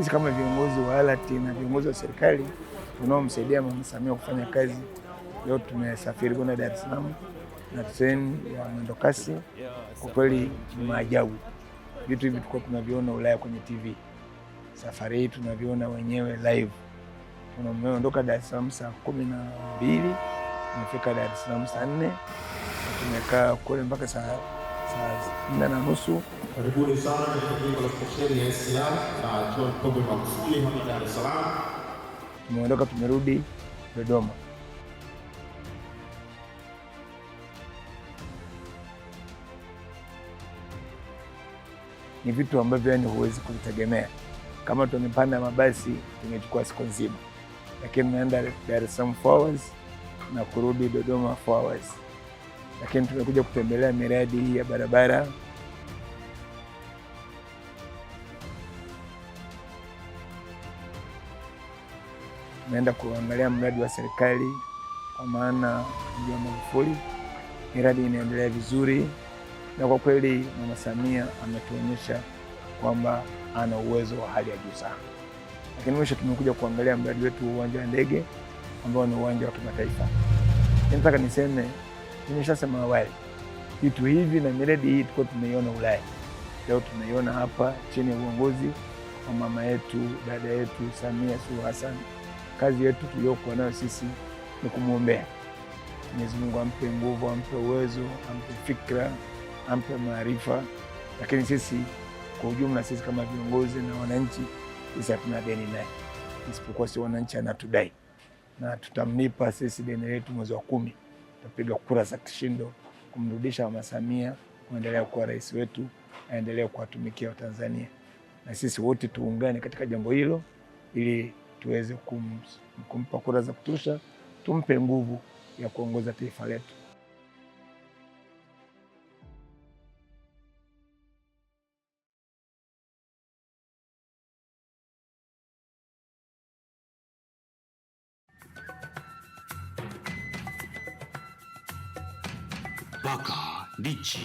sisi kama viongozi wa ALAT na viongozi wa serikali tunaomsaidia Mama Samia kufanya kazi. Leo tumesafiri kwenda Dar es Salaam na treni ya mwendokasi, kwa kweli ni maajabu. Vitu hivi tulikuwa tunaviona Ulaya kwenye TV, safari hii tunaviona wenyewe live. Tumeondoka Dar es Salaam saa kumi na mbili tumefika Dar es Salaam saa nne tumekaa kule mpaka saa nne na nusu. Karibuni sana katika la stesheni ya SGR John Pombe Magufuli hapa Dar es Salaam. Tumeondoka tumerudi Dodoma. Ni vitu ambavyo yani huwezi kuvitegemea. Kama tumepanda mabasi tumechukua siku nzima, lakini naenda Dar es Salaam hours na kurudi Dodoma 4 hours lakini tumekuja kutembelea miradi hii ya barabara tumeenda kuangalia mradi wa serikali kwa maana mji wa Magufuli. Miradi inaendelea vizuri, na kwa kweli Mama Samia ametuonyesha kwamba ana uwezo wa hali ya juu sana. Lakini mwisho tumekuja kuangalia mradi wetu wa uwanja wa ndege ambao ni uwanja wa kimataifa. Nataka niseme Nimeshasema awali vitu hivi na miradi hii tulikuwa tumeiona Ulaya, leo tunaiona hapa chini ya uongozi wa mama yetu dada yetu Samia Suluhu Hassan. Kazi yetu tuliyokuwa nayo sisi ni kumwombea Mwenyezi Mungu ampe nguvu, ampe uwezo, ampe fikra, ampe maarifa. Lakini sisi kwa ujumla, sisi kama viongozi na wananchi, sisi hatuna deni naye, isipokuwa si wananchi anatudai, na tutamlipa sisi deni letu mwezi wa kumi tutapiga kura za kishindo kumrudisha Mama Samia kuendelea kuwa rais wetu, aendelee kuwatumikia Watanzania na sisi wote tuungane katika jambo hilo ili tuweze kum, kumpa kura za kutosha, tumpe nguvu ya kuongoza taifa letu. 巴卡利奇。